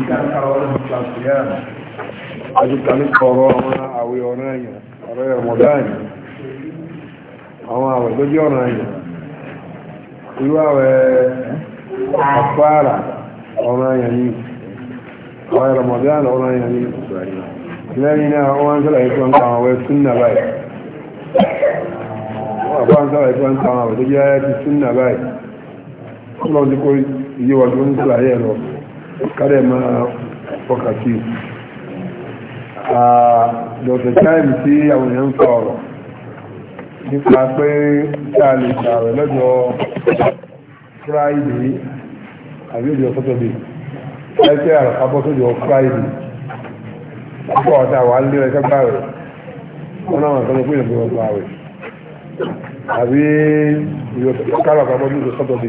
nǹkan kára wọn ní ṣàṣìyàn àjúkà ní kọ̀ọ̀rọ̀ àwọn àwẹ̀ ọ̀rọ̀ àyàn ọ̀rọ̀ ẹ̀mọ̀dá àyàn àwọn àwẹ̀ tó jẹ́ ọ̀rọ̀ àyàn irú àwẹ̀ àfáàrà ọ̀rọ̀ àyàn ni àwọn ẹ̀mọ̀dá ọ̀rọ̀ àyàn ni lẹ́yìn náà wọ́n ń sọ̀rọ̀ ìfọ́n kan àwẹ̀ súnnà báyìí wọ́n ń sọ̀rọ̀ ìfọ́n kan àwẹ̀ tó jẹ́ ti súnnà báyìí ọlọ́run ti kó iye wà ń sọ̀rọ̀ ayé lọ kárẹ̀ máa fọ́kà sí àdọ̀tẹ̀ táìmì tí àwọn èèyàn ń fa ọ̀rọ̀ nípa pé tá a lè ṣààrẹ̀ lọ́jọ́ Friday àbí ọjọ́ Saturday ẹgbẹ́ àràkábọ́ tó jọ Friday púpọ̀ ọ̀tá wà lé ẹgbẹ́ gbà rẹ̀ wọ́n náà sọ pé ìrìnàjò ọgbà rẹ̀ àbí ìrìnàjò káràkábọ́ tó jọ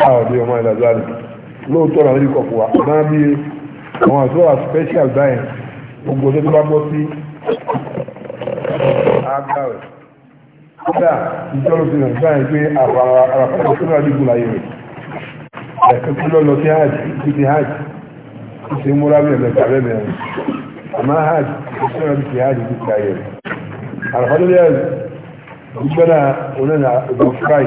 káwọn bí ọmọ ìlàjọ àlè lóòótọ́ náà lórí kọ̀ọ̀kọ̀ wa máa bí àwọn àtúwà special báyìí gbogbo tó tó bá bọ́ sí agbáwẹ̀ kódà ìjọba fi hàn báyìí pé àràpàdé tó náà dìbò láyé rẹ̀ ẹ̀ka tó lọ́ọ́ lọ sí hajj tó ti hajj tó ti múra bí ẹ̀mẹ̀ta rẹ̀ mẹ́rin àmọ́ hajj tó náà ti hajj tó ti láyé rẹ̀ àràpàdé lẹ́yìn gbọ́dọ̀ onílà ọgbọ̀n friday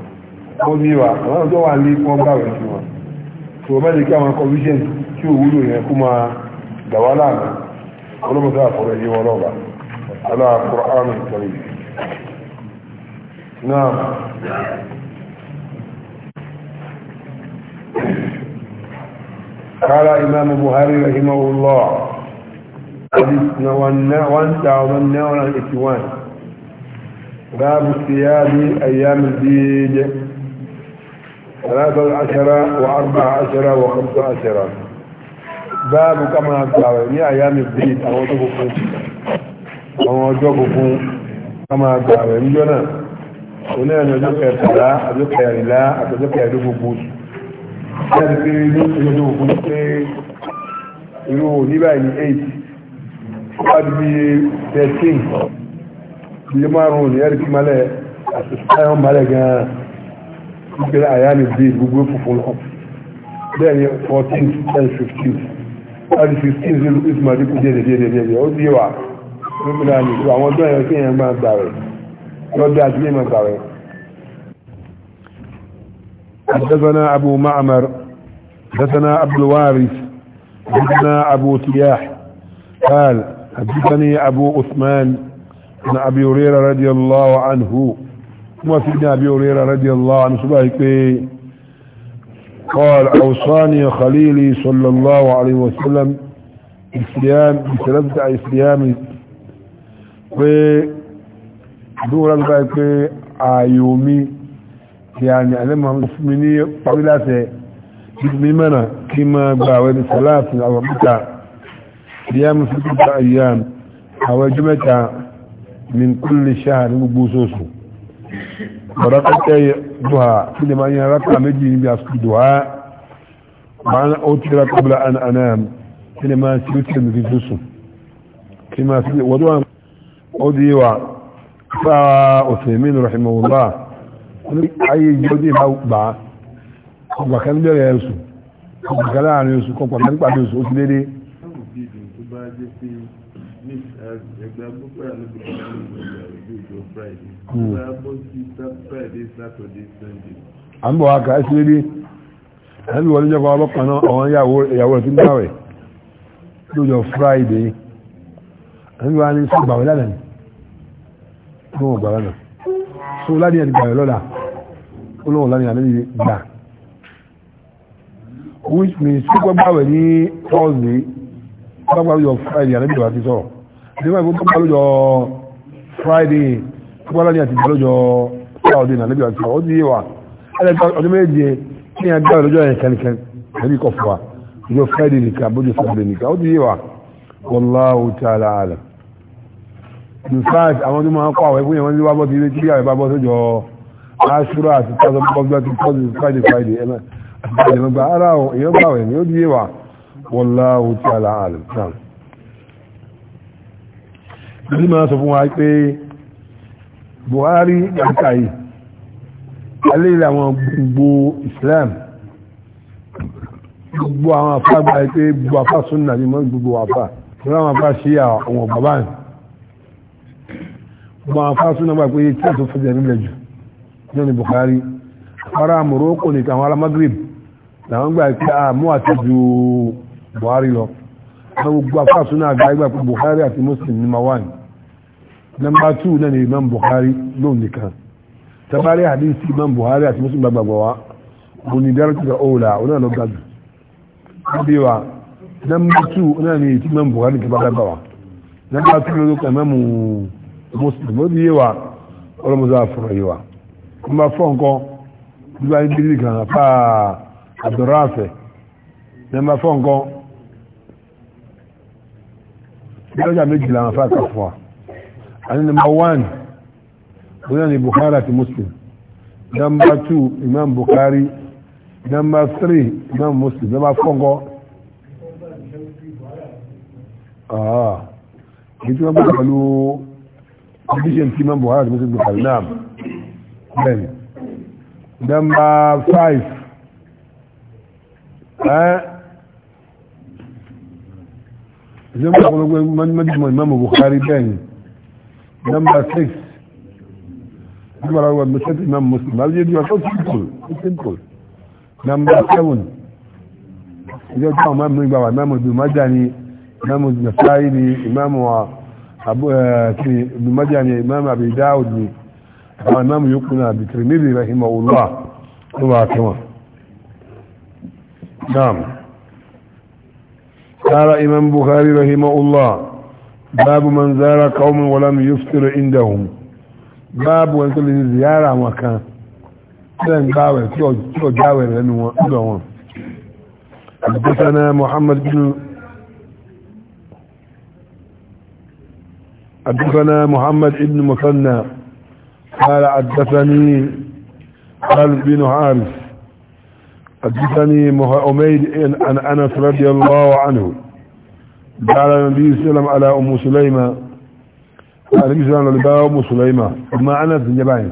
wọ́n ní wa àwọn ọjọ́ wà ní wọ́n bá rẹ̀ sí wọn tó bá lè kí àwọn commission tí ò wúlò yẹn kó máa dàwà láàmú ọlọ́mọdé àfọ̀rọ̀ yìí wọn lọ́ba aláàkùrọ̀ àrùn ìtọ́rí náà قال إمام بخاري رحمه الله حديث 1081 باب الثياب أيام البيج ثلاثة عشر وأربعة عشر وخمسة عشر باب كما أقول ní أيام البيت àwọn ọjọ́ kòkó àwọn ọjọ́ kòkó kama àgbàwẹ̀ níjọ́ náà oníyàn ọjọ́ kẹtàlá ọjọ́ kẹrìnlá àti ọjọ́ kẹrìndínlógún láti pé ní ọjọ́ kòkó ní pé irú òní báyìí ní eight wájú bí thirteen bí márùn-ún ní ẹ̀rí kí malẹ̀ àti sáyọ́n malẹ̀ gan-an ìpínlẹ̀ àyàlè dé gbogbo funfun lọ bẹ́ẹ̀ ni 14th and 15th and 15th ìlú ìsìnmọ̀dé kú díẹ̀ díẹ̀ díẹ̀ díẹ̀ ó di wà lómìnira ní ìlú àwọn ọdún ẹ̀yọ́ kéèyàn máa gbà rẹ̀ lọ́dọ̀ àti lè máa gbà rẹ̀. حدثنا أبو معمر حدثنا عبد الوارث حدثنا أبو تياح قال حدثني أبو عثمان عن أبي هريرة رضي الله عنه كما في ابن أبي هريرة رضي الله عنه سبحانه قال أوصاني خليلي صلى الله عليه وسلم إسلام إسلامي في دورا بقى آيومي يعني أنا محمد مني طويلة بمنا كما بعوين ثلاث أو متى صيام ستة أيام أو جمعة من كل شهر بوسوسه barakata duha kini ma yin raka méjì ni ga su duha bana otira qabla an anam kini ma sirutu mi fi su kini ma fi wadu odiwa fa uthaymin rahimahullah kuni ayi jodi ma ba ko ba kan bere su ko kala ni su ko pa kan pa su o ti dede to miss ẹgbẹ́ púpọ̀ friday ìgbàlódé hmm. saturday sunday. à ń bọ̀ wá kà á sí lédè ẹ̀ẹ́dì wọlé jẹ́ fún ọlọ́pàá náà àwọn ìyàwó rẹ̀ tí ń dáwẹ̀ lójọ friday ẹ̀ẹ́dì wọlé ní sọ́gbàwẹ̀ lánàá ni fún ọgbà lánàá fún ládì ẹ̀dì gbàwẹ̀ lọ́la olóhùn lánàá ní gbà which means kí gbọ́gbàwẹ̀ ní thursday gbàgbà lójọ friday àti ìjọba ti sọ̀rọ̀ ìjọba ìgbó gbàgbà lójọ friday gbàgbà ní àti ìjọba lójọ saturday náà lẹ́bí àti sọ̀rọ̀ ó ti yé wa ẹlẹ́gbà ọdún méje kí ni agbára lójọ yẹn kẹ́nìkẹ́n lẹ́bí kọ̀ fún wa lójọ friday nìkan lójọ saturday nìkan ó ti yé wa wallahu ta'ala alam in fact àwọn tó máa ń kọ́ àwọn ẹgbẹ́ yẹn wọ́n ní wá bọ́ ti ilé tí àwọn ìbábọ́ sójọ Ashura àti tọ́sọ̀ bọ́ọ̀bù láti tọ́sọ̀ friday friday ẹ̀mẹ́ àti friday mẹ́gbà ara èèyàn gbà wẹ̀ ni ó di yé wallahu ta'ala alim náà bí máa sọ fún wa pé buhari yàtà yìí alẹ́lẹ́ àwọn gbogbo islam gbogbo àwọn afá gba pé gbogbo afá súnnà ní mọ́ gbogbo afá gbogbo àwọn afá ṣe àwọn bàbá ní gbogbo àwọn afá súnnà gba pé kí àtò fẹ́jẹ̀ nílẹ̀ jù náà ni buhari ara morocco nìkan àwọn ará làwọn gba pé àmú ah, àti buhari lọ àwọn gbogbo afáàtún náà gba ẹgbẹ́ pé buhari àti muslim ní máa wà ní nọ́mbà 2 náà ni imam buhari lóun nìkan tabari hadith imam buhari àti muslim gbàgbà wa òun ni dára tuta ọ̀la òun náà lọ ga jù níbi wa nọ́mbà 2 náà ni imam buhari kí bàbá gbà wa nọ́mbà 2 ló lókè imam muslim ó di yé wa ọlọ́mọdé àfọ̀rọ̀ yé wa nọ́mbà 4 nǹkan bí wàá ní bíbí kan fáà abdulrafe nọ́mbà 4 nǹkan daraja méjì làwọn afá kà fún wa àní nàmbà wán bóyá ni Bukhari àti Muslim nàmbà tù Imam Bukhari nàmbà tírì Imam Muslim nàmbà fọ́ngọ́ ah. èyí tí wọ́n bá pẹ̀lú condition tí Imam Bukhari àti Muslim Bukhari náà bẹ́ẹ̀ni nàmbà five ìjọba ọ̀pọ̀lọpọ̀ mọ́júmọ́ ìmáàmù Bukhari bẹ́ẹ̀ni nọ́mbà 6 nígbà lọ́wọ́ mẹ́sẹ̀tì ìmáàmù Muslim alẹ́ ìjọba tó simple nọ́mbà 7 ìjọba tó ọmọ ìgbà wà ìmáàmù Dumaja ni ìmáàmù Nasai ni ìmáàmù Dumaja uh, uh, ni ìmáàmù Abidawud ni àwọn ìmáàmù yòókù náà bìtìrì níbi rahimahullah ló wà kí wọn. Naam. قال إمام بخاري رحمه الله باب من زار قوم ولم يفطر عندهم باب وانت اللي زيارة مكان كان قاوة تو جاوة لأنه أدوان حدثنا محمد بن حدثنا محمد بن مثنى قال حدثني قال بن عارف حدثني أميد عن أنس رضي الله عنه قال النبي صلى الله عليه وسلم على أم سليمة النبي صلى أم سليمة أما أنس جبعين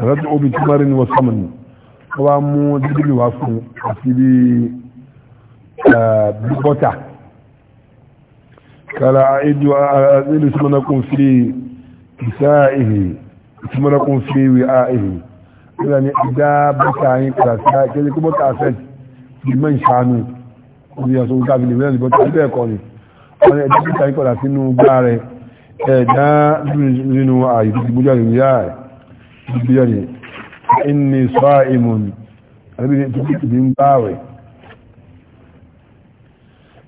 ردعوا بتمر وصمن وامو دبل وصمن حسيبي ببطع قال أعيد أعيد اسمنكم في كسائه اسمنكم في وعائه kíra ní ìdá bọ́ta yìí kíra sí kéde kí bọ́ta fẹ́ di mọ́ ìṣàánú orí ọ̀sọ̀ orí tábìlì mẹ́rin ní bọ́ta bẹ́ẹ̀ kọ́ ni wọ́n ní ẹ̀dá bọ́ta yìí padà sínú gbá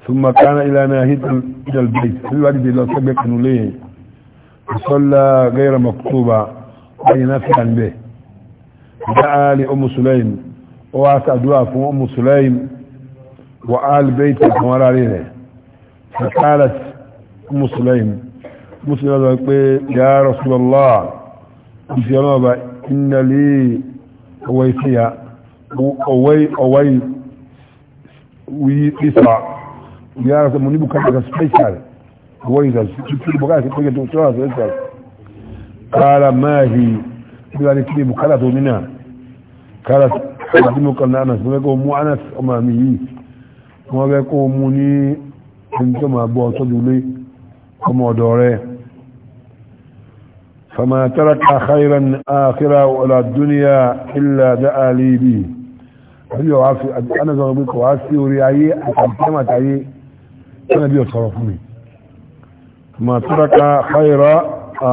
ثم كان إلى ناهية إلى البيت الوالد لو سبق نليه وصلى غير مكتوبة أي نافعا به دعا لأم سليم وعاس أدواء فم أم سليم وآل بيت الحمار عليه فقالت أم سليم مسلم يا رسول الله مسلم إن لي أويسيا أوي أوي ويسا يا رسول مني بكرة سبيشال أويسا بكرة سبيشال قال ما هي bilani kini bukala to nina kala hadimu kan na anas mo ko mu anas o ma mi yi mo be ko mu ni en to ma bo to dule o mo do re فما ترك خيرا آخرة ولا الدنيا إلا دعا لي به ẹbí ọ̀wá fi àná sọ pé kò wá sí orí ayé àtàkùnmọ̀ àtàyé tẹ́lẹ̀ bí ọ̀ sọ̀rọ̀ fún mi ma tọ́rọ ká ṣáyẹ̀rọ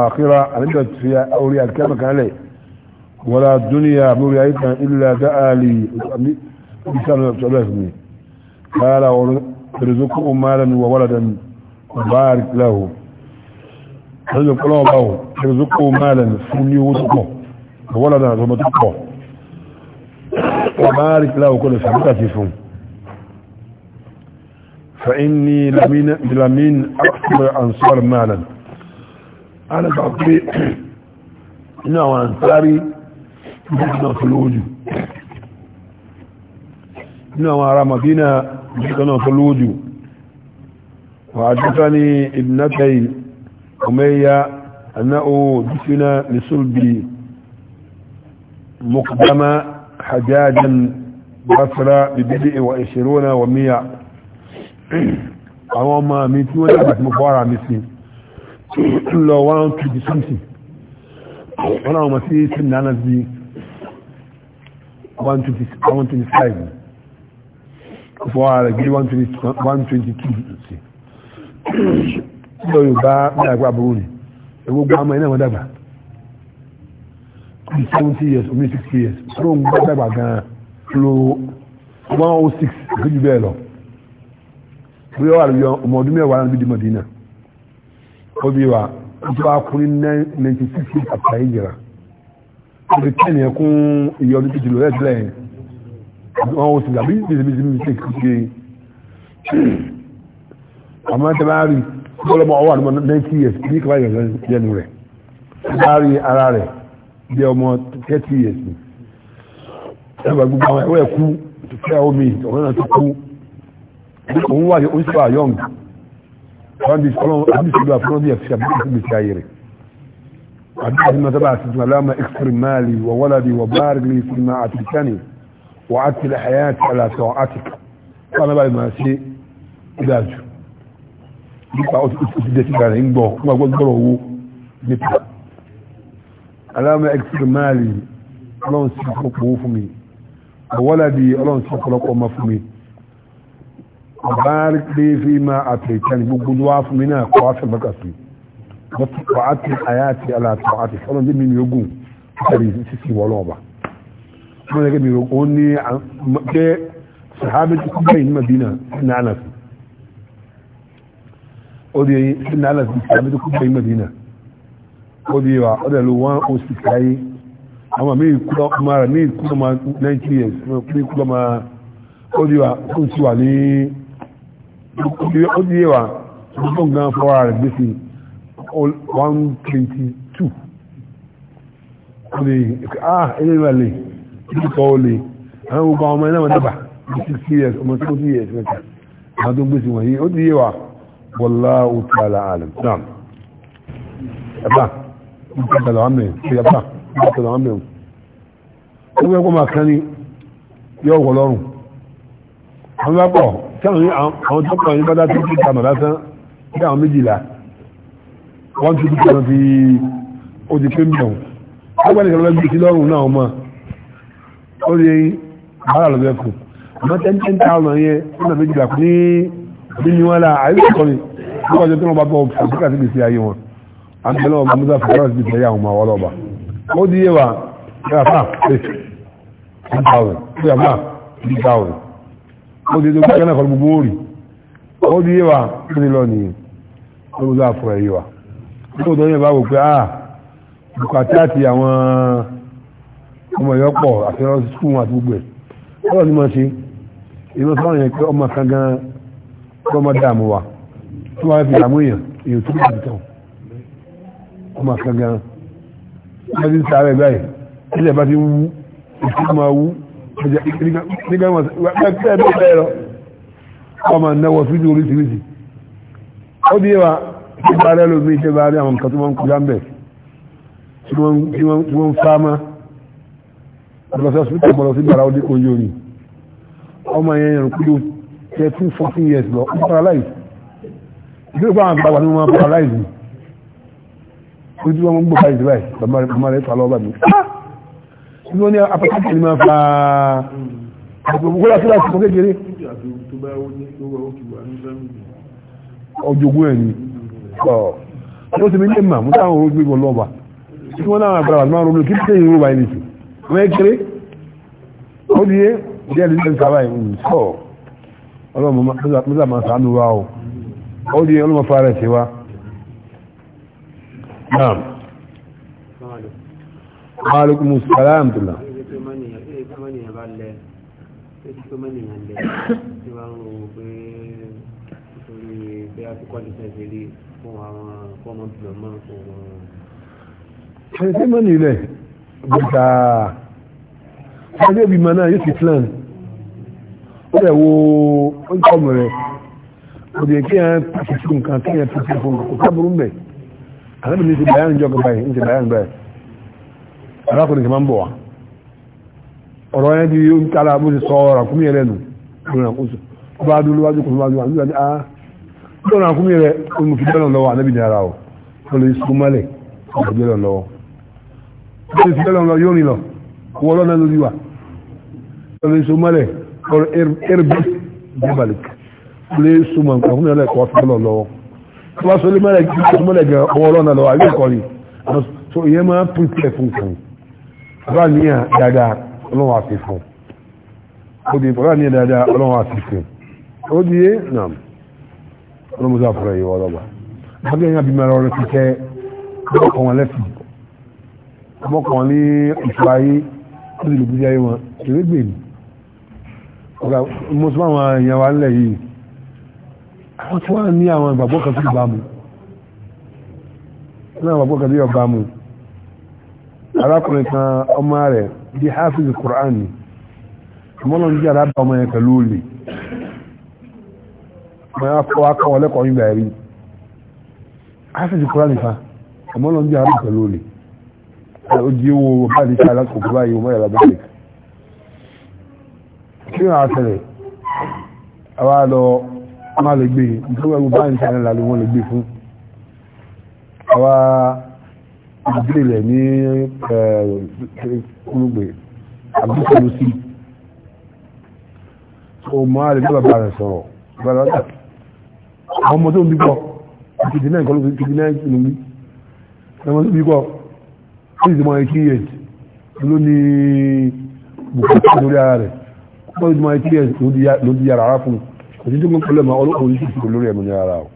àkíra àníjọ̀ fi orí àkẹ́mọ̀ kan lẹ̀ ولا الدنيا مريعتا إلا دعا لي بسنة ثلاثني قال ورزقه مالا وولدا وبارك له رزق الله له رزقه مالا سني وزقه وولدا ومتقه وبارك له كل سنة فإني لمن لمن أكثر أنصار مالا أنا تعطي إنه أنصاري gbogbo tó lówó jù nínú àwọn ará madina gbogbo tó lówó jù وعدتني يعني ابنتي أمية أنه دفن لصلب مقدم حجاجا بصرة ببدء وعشرون ومية àwọn ọmọ mi tí wọ́n dábàtí mo fọ́ ara mi sí lọ 120 wọ́n láwọn ọmọ sí sí nánà sí 125 fún ara gbé 122 sí lọ́yọ̀ bá mẹ́rànwá àbúrò ní ẹgbogbo ọmọ iná wọn dàgbà 70 years omi 60 years ló ń gbọ́ dàgbà gan-an lo 106 àgbéjù bẹ́ẹ̀ lọ bí ó wà lóyọ ọmọ ọdún mẹ́wàá náà bídí Mọ̀dínà ó bí wa ó tó wá kú ní 96 àtàyè jìrà 1996 ọdún kẹ́ni ẹkún iye ọdún tuntun lọ́yẹ̀ sílẹ̀ wọn ò sì gbà bí bíbí mistake ṣe àmọ́ tẹ́ bá rí bọ́lọ́mọ ọwọ́ àdúgbò ninety years ní kaba ìgbà jẹnu rẹ̀ tẹ́ bá rí ara rẹ̀ bí ọmọ thirty years ni ẹ bá gbogbo àwọn ẹwọ́ ẹ̀kú tó fẹ́ omi ọ̀rọ̀ náà tó kú òun wà ní oṣù àyọ̀ǹg ọ̀rọ̀ àbí sọ́dọ̀ àfọ́nà bí ẹ̀fẹ́ àbí ìfúnbẹ̀sẹ̀ ayé rẹ̀. حديث ما تبع سيدنا اللهم اكثر مالي وولدي وبارك لي فيما اعطيتني وعدت حياتي على طاعتك قال بعد ما شيء ìdájú nípa òtítẹ́ ti gbà rẹ̀ ń gbọ́ gbọ́gbọ́gbọ́rọ̀ owó nípa aláàmà ẹ̀kìtìmáàlì ọlọ́run sí ọ̀pọ̀lọpọ̀ owó fún mi ọ̀wọ́làdì ọlọ́run sí ọ̀pọ̀lọpọ̀ ọmọ fún mi ọ̀bá rí pé fi máa gbogbo wá fún mi náà kọ́ wàtí àyàtì aláàtì ọlọ́run jẹ́ mímí ogun tẹ̀lé sísì wọ́lọ́ ọba wọ́n lẹ́gẹ́ mi ó ní jẹ́ sàhábẹ́ tó kúbẹ̀ yìí Madina ní ànàfi ó di ẹyin sí ní ànàfi sàhábẹ́ tó kúbẹ̀ yìí Madina ó di wa ó dẹ̀lu wọn ó oh sì káyé àwọn àmì ìkúlọ́ mara ní ìkúlọ́ ma 90 years ní ìkúlọ́ ma ó di wa ó sì wà ní ó di wa ó gbọ́ngàn fọ́ra rẹ̀ gbèsè 122 ọdí ah ilé ìwà lè ìpọ̀ olè àwọn gbogbo ọmọ iná mọ̀dábà 60 years ọmọ 70 years mẹ́ta àwọn tó gbèsè wọ̀nyí ó ti yé wa wallahu ta'ala alam náà ẹ̀bá ìpàdàlọ́ àmì ẹ̀bá ìpàdàlọ́ àmì ó gbé kó máa kán ní yọ wọ̀ lọ́rùn àwọn bá pọ̀ sáwọn àwọn tó kàn yín bá dá tó kí kàmọ̀ lásán bí àwọn méjìlá wọ́n tún tún tún fi odi pé mìíràn ọgbà nìkan lọ́wọ́ bí sílọ́rùn náà mọ́ ó rí bàárà lọ́wọ́ ẹ̀kọ́ àmọ́ ten ten thousand yẹn fún àmì ìjìlá ní bíníwálà àyíkọ́ ni wọ́n wájú tó wọ́n bá bọ́ àbúkà sí gbèsè ayé wọn àmì ìlọ́wọ́ bá múdà fún ọ̀rọ̀ sí gbèsè ayé àwọn ọmọ ọlọ́ba ó di yé wa yà fà pé ten thousand ó yà fà ten thousand ó di gbogbo kanáà kọ́ gbogbo ó rí ó di yé wa kí ni lọ́ọ̀ nìyẹn ó lọ́ lóòótọ́ yẹn bá wò pé ah bùkátà àti àwọn ọmọ ìyọ́pọ̀ àfihàn skul wọn àti gbogbo ẹ̀ ọ̀rọ̀ ni mo ṣe ìmọ̀ sọ́rọ̀ yẹn pé ọmọ kan gan kọ́ ọmọ dààmú wa tó wá fi dààmú èèyàn èèyàn tó bá dìtàn ọmọ kan gan wọ́n ti ń sáré báyìí ilẹ̀ bá ti wú ìtú máa wú nígbà wọn bẹ́ẹ̀ bẹ́ẹ̀ lọ ọmọ náwó sójú oríṣiríṣi ó di wa tí bá rẹ̀ lómi tí bá rí àwọn nǹkan tó wọ́n ń kọjá mẹ́ tí wọ́n ń fámá ọlọ́sọ́sọ́ pọ̀lọ́ sí bàrá ọdí kan yóò ní ọmọ yẹn yẹn kúrò 13 14 years lọ ó paralyze ìdílé fún àwọn àgbàgbà ní wọ́n paralyze ó tí wọ́n gbọ́ paralyze báyìí bàbá rẹ̀ fà lọ́wọ́ bàbá mi tí wọ́n ní apataki ni máa fa àgbègbè láti láti fọ́ kékeré ọjọ́gbọ́n ẹ̀ ni ọ̀ wọ́n ti mi ní mà mú táwọn oró gbégbó lọ́ba tí wọ́n náà àgbàrá àti máa ronú kí tẹ́ ìró báyìí nìsí wọ́n é kéré ó di yé díẹ̀ ní ìdẹ́nu sábà yìí sọ o ó di yé ọlọ́mọ fara ẹ̀ sí wa. naam maaleykum salaam tula. Tí wọ́n ń wo pé nítorí bí a ti kọ́ ní sẹ́yìn lé fún àwọn fọ́mọ́dúnrún máa ń fún wọn. ẹni tí mọ́ nílẹ̀ gbọ́dà ọjọ́ ìbí mọ́ náà yóò ti plan ó dẹ̀ wo oúnjẹ ọmọ rẹ̀ kò dé kí ẹ pàṣẹ sí nǹkan kí ẹ pàṣẹ fún kò sábúrú mbẹ àlẹ́ mi ní ti bàyà níjọ́ kan báyìí ní ti bàyà níjọ́ báyìí arákùnrin kan máa ń bọ̀ wá ọ̀rọ̀ yẹn ti ń kára bó ti sọ ọ̀rọ̀ àkúmí yẹn lẹ́nu ìrìnàkóso ọba adúlówájú kò fún wájú wájú wájú ah lọ́nà àkúmí rẹ̀ olùfidọ́nà lọ́wọ́ anábìnrin ara ọ̀ olè ìsúkúmọ́lẹ̀ olùfidọ́nà lọ́wọ́ olùfidọ́nà lọ yóò rìn lọ wọ́n lọ́nà lórí wa olè ìsúkúmọ́lẹ̀ ọ̀rọ̀ ẹ̀rẹ́bí jẹ́bàlì olè ìsúmọ̀ àkúmí rẹ̀ kọ́ fidọ́nà er, er lọ́wọ́ tó bá sọlé mọ́lẹ̀ ìsúkúmọ́lẹ̀ gan ọwọ́ lọ́nà lọ́wọ́ àbí ẹ̀kọ́ rí so ìyẹn máa pípẹ́ fún kan bá níyàn dáadáa ọlọ́wọ́ àfihàn ó di bọ́lá níyàn dáadáa ọlọ́wọ́ àfihàn ó di yé nàá wọ́n mú sáfúrọ̀ yìí wọ́n lọ́gbà bákan yẹn abimọ̀ ọ̀rọ̀ ti tẹ́ ọkọ̀ wọn lẹ́sì ọmọkọ̀ wọn ní ìṣúra yìí wọ́n ti lè gbé ayé wọn kéré gbè mí ọ̀gá mùsùlùmí àwọn èèyàn wa ńlẹ̀ yìí àwọn arákùnrin kan ọmọ rẹ̀ bí hafiz Qur'an ọmọ arábà ọmọ yẹn pẹ̀lú olè mọ̀ ya fọ́ akọ́ wọn lẹ́kọ̀ọ́ yìí bẹ̀rẹ̀ áfíìsì kúrò nípa ọmọ náà ń jẹ́ àrùn pẹ̀lú olè ó di owó bá ní ká alákòókò báyìí ọmọ ìyàrá bẹ́ẹ̀ kí wọ́n á tẹ̀lẹ̀ àwa lọ má lè gbé e. nítorí wọn ní sáré lálẹ́ gbé e fún sí ọmọ àlejò rẹ̀ sọ̀rọ̀ bàbá àwọn ọmọ tó ń bíkọ́ ìkìdí náà ìkọlù ìkìdí náà ìkìlú bí ọmọ tó bíkọ́ ó sì ti mọ ẹkí yẹn ló ní bùkátà lórí ara rẹ̀ ó sì ti mọ ẹkí yẹn ló di yàrá ara fún kò sí tó mọ pẹ̀lú ẹ̀mọ olóko yìí sì kò lórí ẹ̀mọ ní ara o ó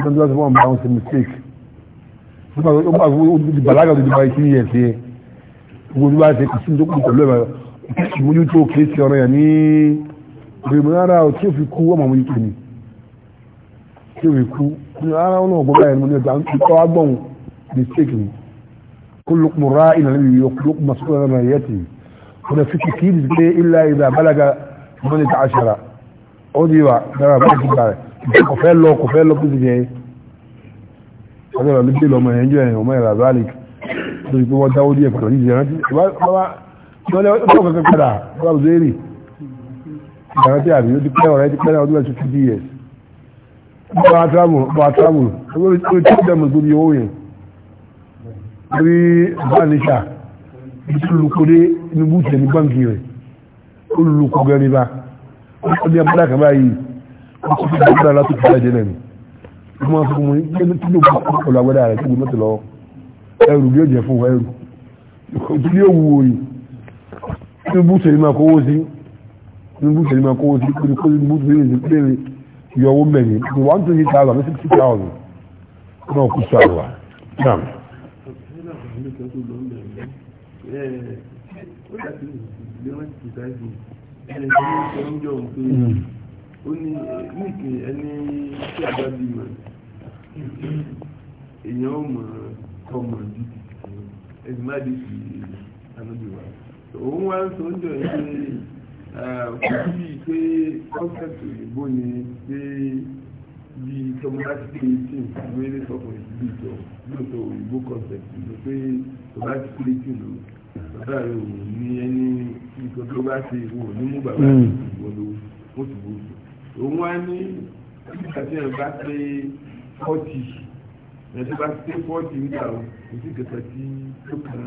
sì ti mọ ọmọ àwọn ṣe mistake ó bá fi bàlágà tó ti mọ ẹkí yẹn ṣe gbogbo tó bá ṣe kò sí tó kọ pẹ̀lú ẹ̀mọ ìmójútó kìí ṣe ọ̀rọ̀ yẹn ní tí ó ikú ní ara wọn náà gbọ́gbà ẹ̀mọ́ ní ọjà ìtọ́ agbọ̀n mistake ni kó ló kún ra ìlànà yìí yọ kó kún masukú ọ̀nà yẹ ti wọn fi kì kí ìdí pé ilá ìdá balaga wọn ni ta aṣara ó di wa dára bá ti bàrẹ̀ kò fẹ́ lọ kò fẹ́ lọ bí ti yẹ ọjọ́ ìlú bí lọmọ ẹ̀ ń jọ ẹ̀yìn ọmọ ìlà zalik lórí pé wọ́n dáwó díẹ̀ pẹ̀lú yìí jẹ́ rántí ìwọ́n lọ́wọ́ kẹ́kẹ́ padà bá travel bá travel lórí tí ó dẹ̀mọ̀ gbogbo owó yẹn rí báníṣà olùkọ́dé inú búùtẹ̀ ní báńkì rẹ̀ olùkọ́ gẹ́rin bá ó ní abúlé àkàbá yìí ó kọ́ fún ìgbàgbọ́dá látò tó dájẹ́ lẹ́nu ó máa fún mi yẹn tí ló bá kọ́ pẹ̀lú agbádá rẹ̀ tó gbé mọ́tò lọ́wọ́ ẹrù bí ó jẹ́ fún ẹrù tí yóò wù òyì inú búùtẹ̀ ní máa kówó sí inú búùtẹ̀ ní máa kówó sí kó ní kó ní búùtẹ̀ ní yọ owó mẹ́rin ní one twenty thousand ní sixty thousand náà kú sọ àrùwá náà. ó ní ní èèyàn ó mọ̀ kọ́ mọ̀ ju ẹ̀sìn má di sí ànábìwá òun wá ń sọ oúnjẹ yìí òkùnkùn pé concept òyìnbó ni pé bí tọmọ láti pé tí nǹkan wéré sọkùnrin ìlú ìjọ lóòótọ́ òyìnbó concept ló pé tọmọ láti pé tí ló bàbá rẹ ò ní ẹni nǹkan tó bá ṣe ìwò ní forty ẹ̀sùn bá ti fọ́ọ̀tì ń dà ó ojú kẹta tí ó kàn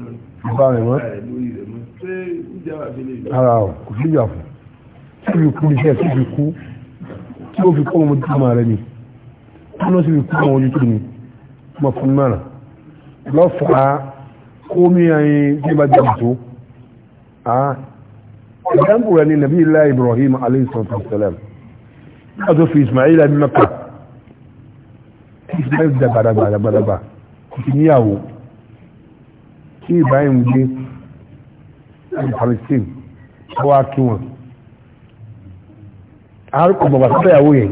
án lórí rẹ̀ mọ́ ṣé ìjà àbẹ̀lẹ̀ yìí. ara o kò sí ìjà fún tí o fi kú iṣẹ́ tí o fi kú o fi kọ́ ọmọ ojú ọmọ rẹ ni tí wọ́n sì fi kú ọmọ ojú tó ni ọmọ fún mẹ́rin lọ́fàá kó mi àyìn tí o bá jẹ́ àtó ìdáǹbù rẹ ni nàbí ilá Ibrahim alayhi salatu wa salam nígbà tó fi Ismaila bí Mẹ́kà ìsìláyìn da gbàdàgbàdàgbàdàgbà kò sí níyàwó tí Ibrahim gbé ní Palestine ó wá kí wọn àárùkọ bàbà sí ìyàwó yẹn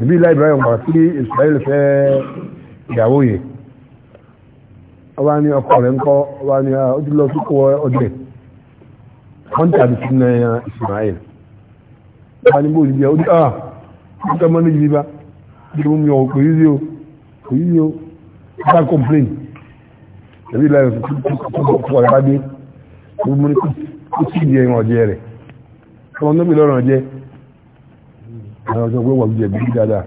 ìbí ilá Ibrahim bàbà sí ìsìláyìn fẹ́ ìyàwó yẹn ọba ní ọkọ rẹ̀ ńkọ́ ọba ní ojúlọ ah, kíkọ ọdẹ kọ́ńtà bí sínú ẹ̀yà Ismail ọba ní bóyá ó dá ọjọ́ mọ́ méjì bíbá bí mo mú ọkọ̀ yìí sí o kò yí o bá complain ẹbí láyé tó wà lábẹ́ gbogbo mú ní kó tí ìdí ẹran ọ̀jẹ́ rẹ̀ ọmọ náà mi lọ́rọ̀ ọ̀jẹ́ àwọn ọjọ́ pé wà lójú ẹ̀bí dáadáa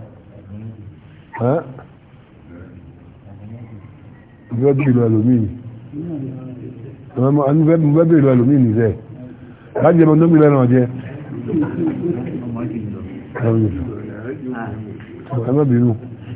ìfẹ́ bí ìlú ẹlòmíì ìfẹ́ bí ìlú ẹlòmíì nìfẹ́ láti ẹmọ náà mi lọ́rọ̀ ọ̀jẹ́ ẹmọ bínú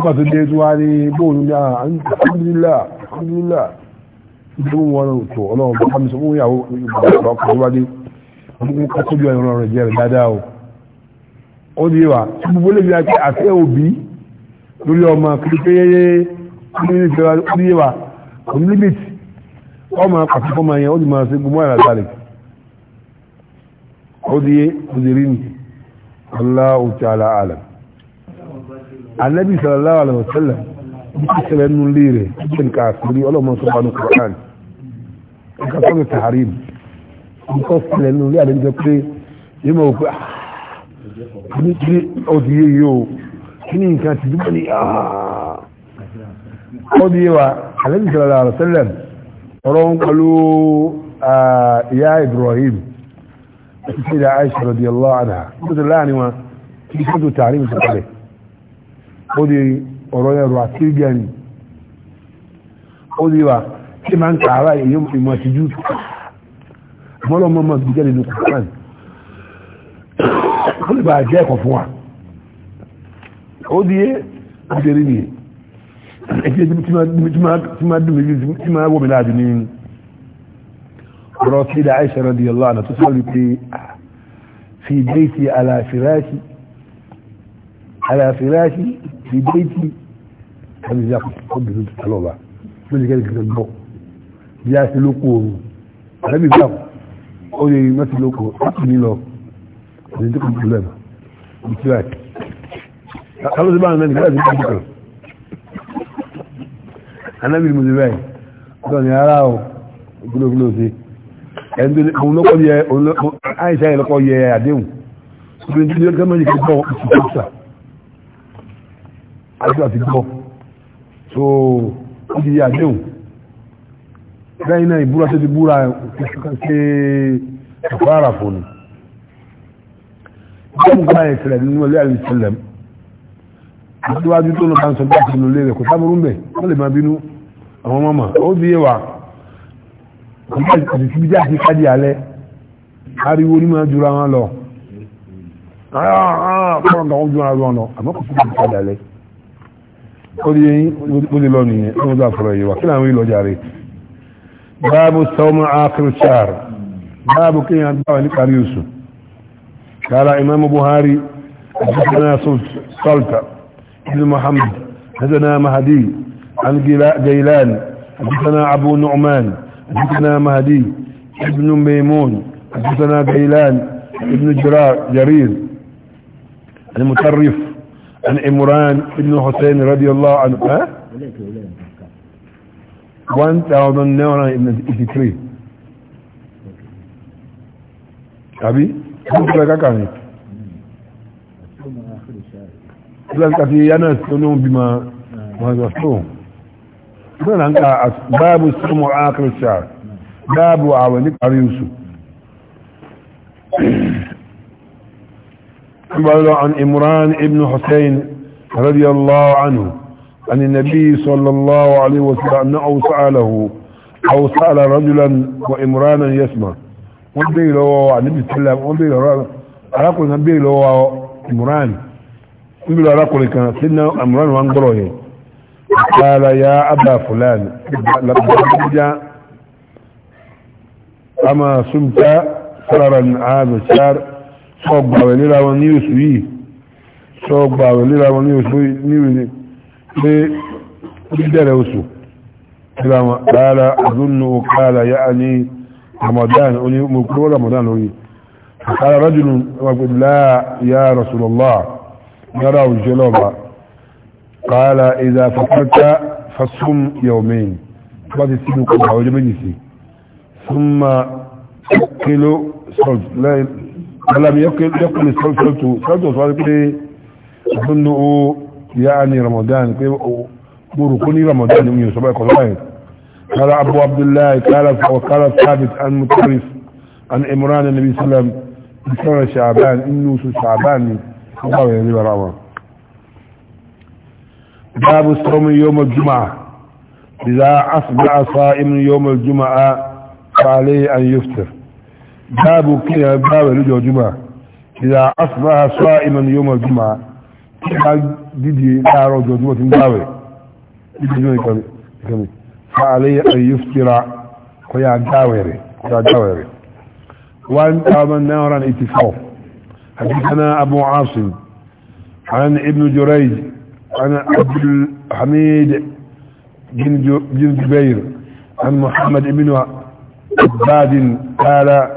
nígbà tó dé tó wá ní bóòlù ní àhàndínlá àhàndínlá ìdúró wọn tó ọlọ́run bá mi sọ fún ìyàwó ìgbàlọ́pàá kò wájú ní kókójú ẹ̀rọ rẹ̀ jẹ́ rẹ̀ dáadáa o ó di wa gbogbo lè fi àti àti òbí lórí ọmọ kiri pé ní ìfẹ́ wa ó anabi sallallahu alaihi wasallam bí sẹlẹ̀ nù léèrè bí nǹkan àfúrí ọlọ́mọ tó bá nù kọ̀ọ̀kan nǹkan tó ń tààrin nǹkan sẹlẹ̀ nù léèrè níjọ pé yìí mọ̀ pé ní ah, kí ó ti yé yìí o kí ni nǹkan ti dúpọ̀ ní ah. ó di wa anabi sallallahu alaihi wasallam ọ̀rọ̀ ah, ń pẹ̀lú ó di ọ̀rọ̀ ẹ̀rọ àtìgẹ̀ ni ó di wà tí máa ń kààrà èyí ìmọ̀ àtijú mọ́lọ́ mọ́mọ́ gbígbẹ́ nínú kùkán ó lè bá jẹ́ ẹ̀kọ́ fún wa ó di é àjẹrí ni ẹ̀kí tí máa dùn méjì tí máa wọ́n mi láàdì ní ọ̀rọ̀ sí ilẹ̀ Aisha radiyallahu anha tó على فراشي في بيتي هذا جاء قد بنت الطلبة من قال كده الضوء جاء سلوكه النبي بقى قول لي ما سلوكه أقني له عندكم كلنا بتلاقي خلاص بقى انا لازم بكره النبي المذبان قال يا راو قلو قلو سي عندي ونقول يا عايشه لقوا يا عدو بنت اليوم كمان يكتبوا في àjọ àti gbọ́ so ó ti yẹ àdéhùn lẹ́yìn náà ìbúra tó ti búra ṣe kàfàrà fún un jẹ́mu ká ẹ̀sẹ̀lẹ̀ nínú ilé àrùn ìṣẹ̀lẹ̀ àdúwájú tó lọ bá ń sọ bí ìṣẹ̀lẹ̀ olè rẹ̀ kò sábúrú ń bẹ̀ wọ́n lè máa bínú àwọn mọ́mọ́ ó bí ẹwà nígbà tí ti bíjá sí kájí alẹ́ ariwo ní máa jura wọn lọ àwọn àwọn àwọn àwọn àwọn àwọn àwọn àwọn àwọn ó di yẹn bó di lọ nìyẹn ó bá fọ̀rọ̀ yìí wá kí làwọn ìlọjà rẹ̀ báàbù sọ́mọ́ akéròṣàr báàbù kéèyàn dáwà ní parí oṣù kára imam buhari حدثنا سلطة بن محمد حدثنا مهدي عن جيلان حدثنا أبو نعمان حدثنا مهدي ابن ميمون حدثنا جيلان ابن جرير المترف عن عمران بن حسين رضي الله عنه 1983 أبي كنت لك كانت لك في أنا السنون بما وهذا باب السم آخر الشهر باب عوانك على يوسف عن عمران ابن حسين رضي الله عنه عن النبي صلى الله عليه وسلم أنه أوسع له أوسع رجلا وإمرانا يسمع ونبي له النبي صلى الله عليه وسلم وانبي له أراكو نبي له إمران وانبي له أراكو لكنا سيدنا إمران وانقره قال يا أبا فلان أما سمت سررا هذا الشهر sọ gbàwẹ̀ léra wọn ní oṣù yìí sọ gbàwẹ̀ léra wọn ní oṣù yìí pé dídẹ̀rẹ̀ oṣù léra wọn rárá àdúnnù kààlà yá ní ramadan oní mọ̀kúrò ramadan lórí kààlà rájùlù wàgbẹ̀lá yá rasulullah yára òjò lọ́ba kààlà ìdá fàkàkà fasum yawmain bá ti sínú kọ̀ọ̀kọ̀ àwọn ولم يقل الصلاة صلاة صلاة أظنه يعني رمضان مركني رمضان من يسبق الله قال أبو عبد الله قال وقال ثابت عن متعرف عن عمران النبي صلى الله عليه وسلم بسنة شعبان إنه شعبان الله يجب رمضان باب الصوم يوم الجمعة إذا أصبح صائم يوم الجمعة فعليه أن يفتر باب كده باب لجو إذا أصبح صائما يوم الجمعة كده ديدي دارو جمعة فعليه أن يفترع قيا جاوري قيا جاوري وأن أمن اتفاق حدثنا أبو عاصم عن ابن جريج عن عبد الحميد بن جبير عن محمد بن عباد قال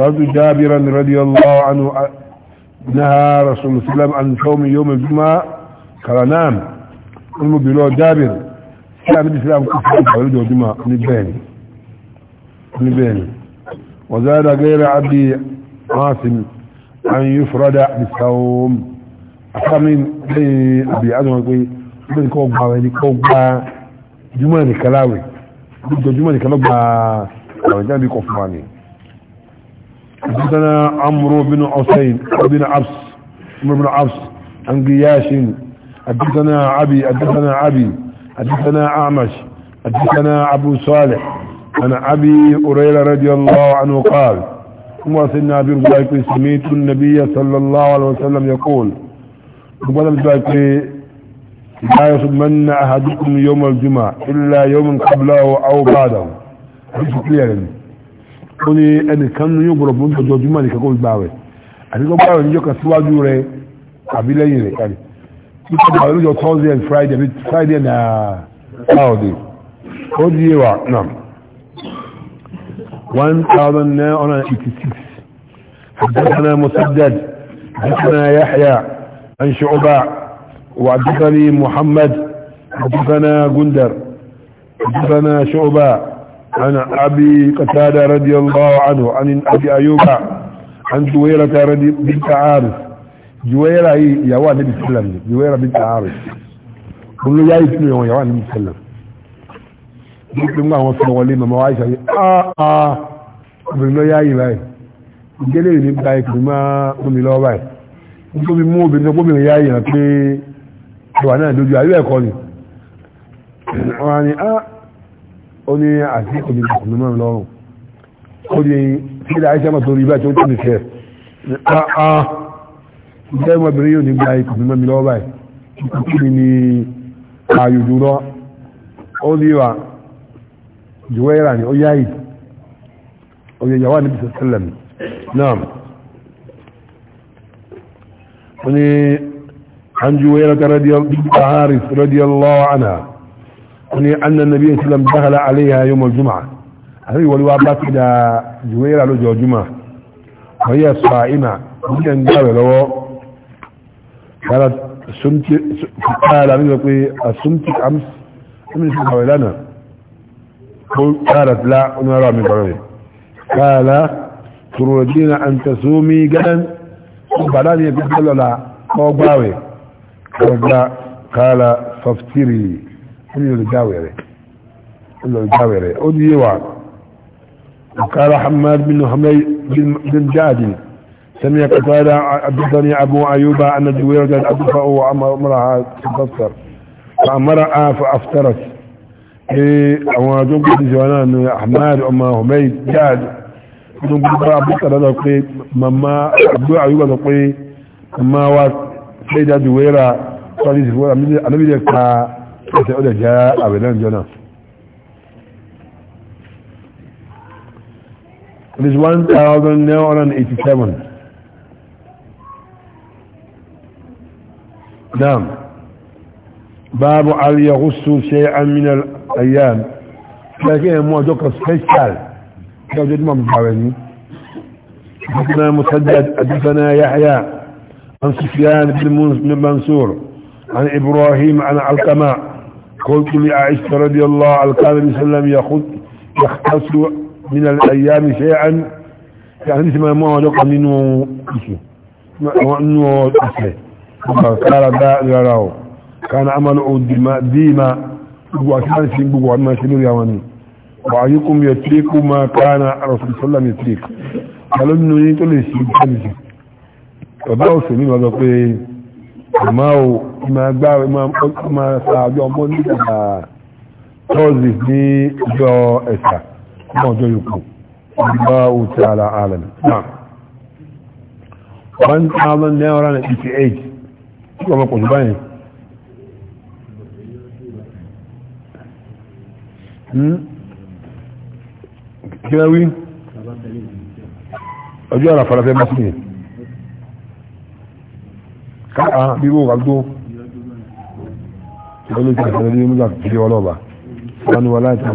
رد جابرا رضي الله عنه نهى رسول الله صلى عن صوم يوم الجمعة كرنام أمه بلو جابر كان الإسلام كفر ولده الجمعة نباني نباني وزاد غير عبد عاصم أن يفرد بالصوم أخمن لي أبي عدم أقول من كوبا ولي كوبا جمعة كلاوي بده جمعة كلاوي كلاوي جانبي كفراني حدثنا عمرو بن حسين بن عبس عمرو بن عبس عن قياش حدثنا عبي حدثنا عبي حدثنا اعمش حدثنا ابو صالح عن ابي هريره رضي الله عنه قال ثم سيدنا ابي برجلك سميت النبي صلى الله عليه وسلم يقول وقال بذلك لا يصدمن احدكم يوم الجمعه الا يوم قبله او بعده ó ní ẹnìkan ní yóò gbọ́dọ̀ fún ọjọ́ ojúmọ́ nìkan kó gbà rẹ̀ àti kó gbà rẹ̀ níjọ́ kan síwájú rẹ̀ àbí lẹ́yìn rẹ̀ kárì nípa gbà rẹ̀ lọ́jọ́ Thursday and Friday àbí Friday and uh, Saturday ó di yé náà one thousand nine hundred eighty six حدثنا مسدد حدثنا يحيى عن شعبة وحدثني محمد حدثنا جندر حدثنا شعبة عن أبي قتادة رضي الله عنه عن أبي أيوب عن جويرة رضي بنت عارف جويرة هي يوان النبي صلى الله عليه وسلم جويرة بنت عارف قل له يا اسمي هو يوان النبي صلى الله عليه وسلم قلت له هو صلى وليما ما عايشة آه آه قل له يا إبراهيم قال لي نبقى كما قل له باي قلت له مو بنت قل له يا إبراهيم pé ìwà náà dojú ayé ẹ̀kọ́ ni wọ́n á ní ah ó ní àti òbí ìgbàkùnrin mọ́ lọ́rùn ó di kí ilẹ̀ àìsàn tó rí bá tó tó nìfẹ́ àà ìjẹ́ ọmọbìnrin yóò ní gba ìkùnrin mọ́ mi lọ́wọ́ báyìí ìkùnrin ni ààyò jùlọ ó ní wa jùwọ́ ìrà ó yáyì ó yẹ yàwó àníbi náà ó ní عن جويرة رضي الله عنها أن النبي صلى الله عليه وسلم دخل عليها يوم الجمعة هذه والوابات إلى جويرة لجوة الجمعة وهي صائمة ممكن انقال له قالت سمت قال من يقول سمت أمس من يقول لنا قالت لا رأى من قبل قال تريدين أن تصومي غدا فلان يقول لا لا قال فافتري olùjáwẹ̀rẹ̀ ó ní yíwa وقال حماد بن حمي بن جاد سمع قتادة حدثني أبو أيوب أن الزويرة أدفع وأمرها تفسر فأمرها فأفترت أو جنب ديوانا أحمد أما حميد جاد جنب برا بكرة لقي مما أبو أيوب لقي مما وات سيدة زويرة قال فورا أنا بدي ẹ̀tẹ́ it is 1987 نعم باب علي يغسل شيئا من الايام لكن مو دوك سبيشال لو جد ما متعاوني حدثنا مسدد حدثنا يحيى عن سفيان بن منصور عن ابراهيم عن علقمه قلت لعائشة رضي الله عنها كان النبي صلى الله عليه وسلم يختص من الأيام شيئا يعني ما ما وجق منه وأنه قال لا يراه كان عمله ديما ديما وكان في بقوة ما شنو يواني وعيكم يتريك ما كان رسول صلى الله عليه وسلم يتريك قالوا انه يتولي السيد فبعوا سنين وقال àmá o ìmọ̀ agbáwẹ̀ máa sàájọ́ ọmọ nígbà tọ́sí ní ìjọ ẹ̀sà náà jọ yòókù ìgbà òtí ala alẹ́ náà 1988 tí ọmọ pọ̀jù báyìí hmm? kí lẹ́wí ọjọ́ àràfàlàfẹ́ mọ́sílẹ̀ káà bí wọ́n wà gbó olóògbé àti ẹlẹ́dẹ́ mú láti fi ọlọ́ba wọn ni wọn láti